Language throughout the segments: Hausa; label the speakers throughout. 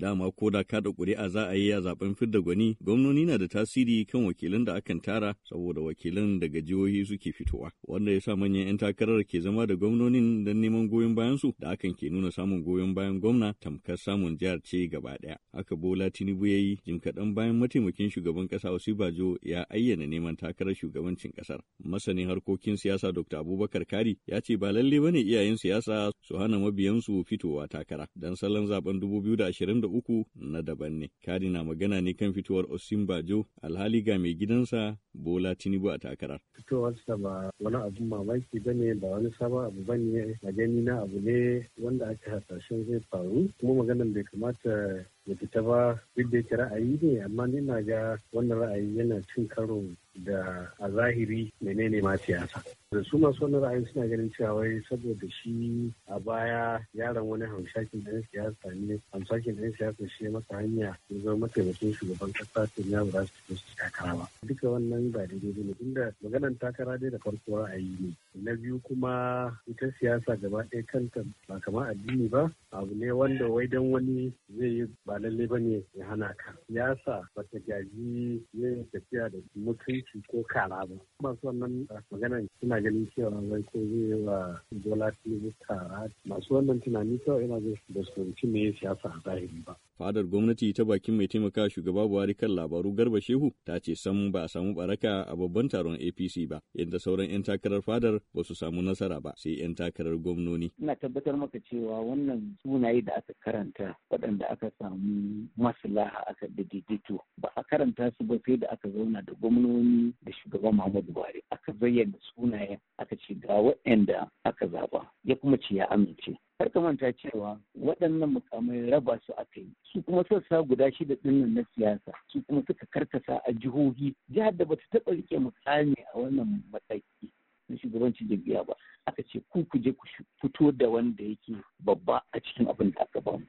Speaker 1: Dama ko da kada ƙuri'a za a yi a zaben fidda gwani, gwamnoni na da tasiri kan wakilan da akan tara saboda wakilan daga jihohi suke fitowa. Wanda ya sa manyan 'yan takarar ke zama da gwamnonin don neman goyon bayan su da akan ke nuna samun goyon bayan gwamna tamkar samun jihar ce gaba ɗaya. Haka Bola Tinubu ya yi jim kaɗan bayan mataimakin shugaban ƙasa bajo ya ayyana neman takarar shugabancin ƙasar. Masanin harkokin siyasa Dr. Abubakar Kari ya ce ba lalle ne iyayen siyasa su hana mabiyansu fitowa takara. don salon zaben 2023 uku na daban ne. Kari na magana ne kan fitowar Osin Bajo alhali ga mai gidansa Bola Tinubu a takarar.
Speaker 2: Fitowarsa ba wani abun mamaki ba ne ba wani sabon abu ba ne a gani na abu ne wanda aka hasashen zai faru kuma maganar bai kamata ya fita ba duk da yake ra'ayi ne amma ni na ga wannan ra'ayi yana cin karo da a zahiri menene ma siyasa da su masu wannan ra'ayi suna ganin cewa wai saboda shi a baya yaran wani hamshakin ɗan siyasa ne hamshakin ɗan siyasa shi masa hanya ya zama mataimakin shugaban ƙasa ta ya ba su fito su takara ba duka wannan ba daidai ba ne inda maganar takara dai da farko ra'ayi ne na biyu kuma ita siyasa gaba ɗaya kanta ba kamar addini ba abu ne wanda wai dan wani zai yi ba lalle ba ne ya hana ka siyasa ba ta gaji yin tafiya da mutunci ko kara ba masu wannan ah, magana suna ganin cewa wai ko zai wa dola tinubu kara masu wannan tunani kawai yana zai da su fahimci me siyasa a zahiri ba
Speaker 1: fadar gwamnati ta bakin mai taimaka shugaba buhari kan labaru garba shehu ta ce sam ba a samu baraka a babban taron apc ba yadda sauran 'yan takarar fadar ba su samu nasara ba sai 'yan takarar gwamnoni
Speaker 3: ina tabbatar maka cewa wannan sunaye da aka karanta waɗanda aka samu samu maslaha aka daidaito ba a karanta su ba sai da aka zauna da gwamnoni da shugaban Muhammadu Buhari aka zayyana sunayen aka ce ga waɗanda aka zaba ya kuma ce ya amince har ka manta cewa waɗannan mukamai raba su a kai su kuma sassa guda shida ɗinnan na siyasa su kuma suka karkasa a jihohi jihar da bata taɓa rike mukami a wannan mataki na shugabancin jam'iyya ba aka ce ku ku je ku fito da wanda yake babba a cikin abin da aka bamu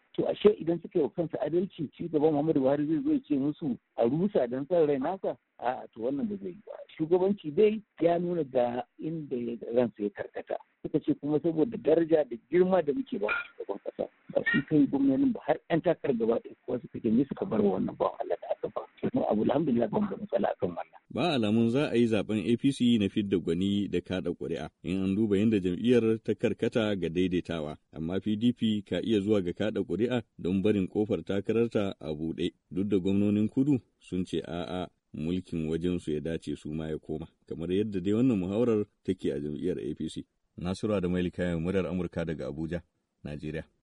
Speaker 3: ashe idan suka yi kansu adalci ci gaba Muhammadu Buhari zai zo ce musu a rusa don san rai nasa a to wannan da zai yi ba shugabanci dai ya nuna ga inda ransa ya karkata suka ce kuma saboda daraja da girma da muke ba shugaban kasa ba su kai gwamnatin ba har yan takar gaba ɗaya kuma suka janye suka bar wannan ba Allah da aka ba kuma alhamdulillah ba mu da matsala akan wannan
Speaker 1: ba alamun za a yi zaben APC na fidda gwani da kada ƙuri'a in an duba yadda jam'iyyar ta karkata ga daidaitawa amma PDP ka iya zuwa ga kada ƙuri'a don barin kofar takararta a buɗe duk da gwamnonin kudu sun ce a'a mulkin wajensu ya dace su ma ya koma kamar yadda dai wannan muhawarar take a jam'iyyar APC. Nasiru da Mailika murar Amurka daga Abuja, Najeriya.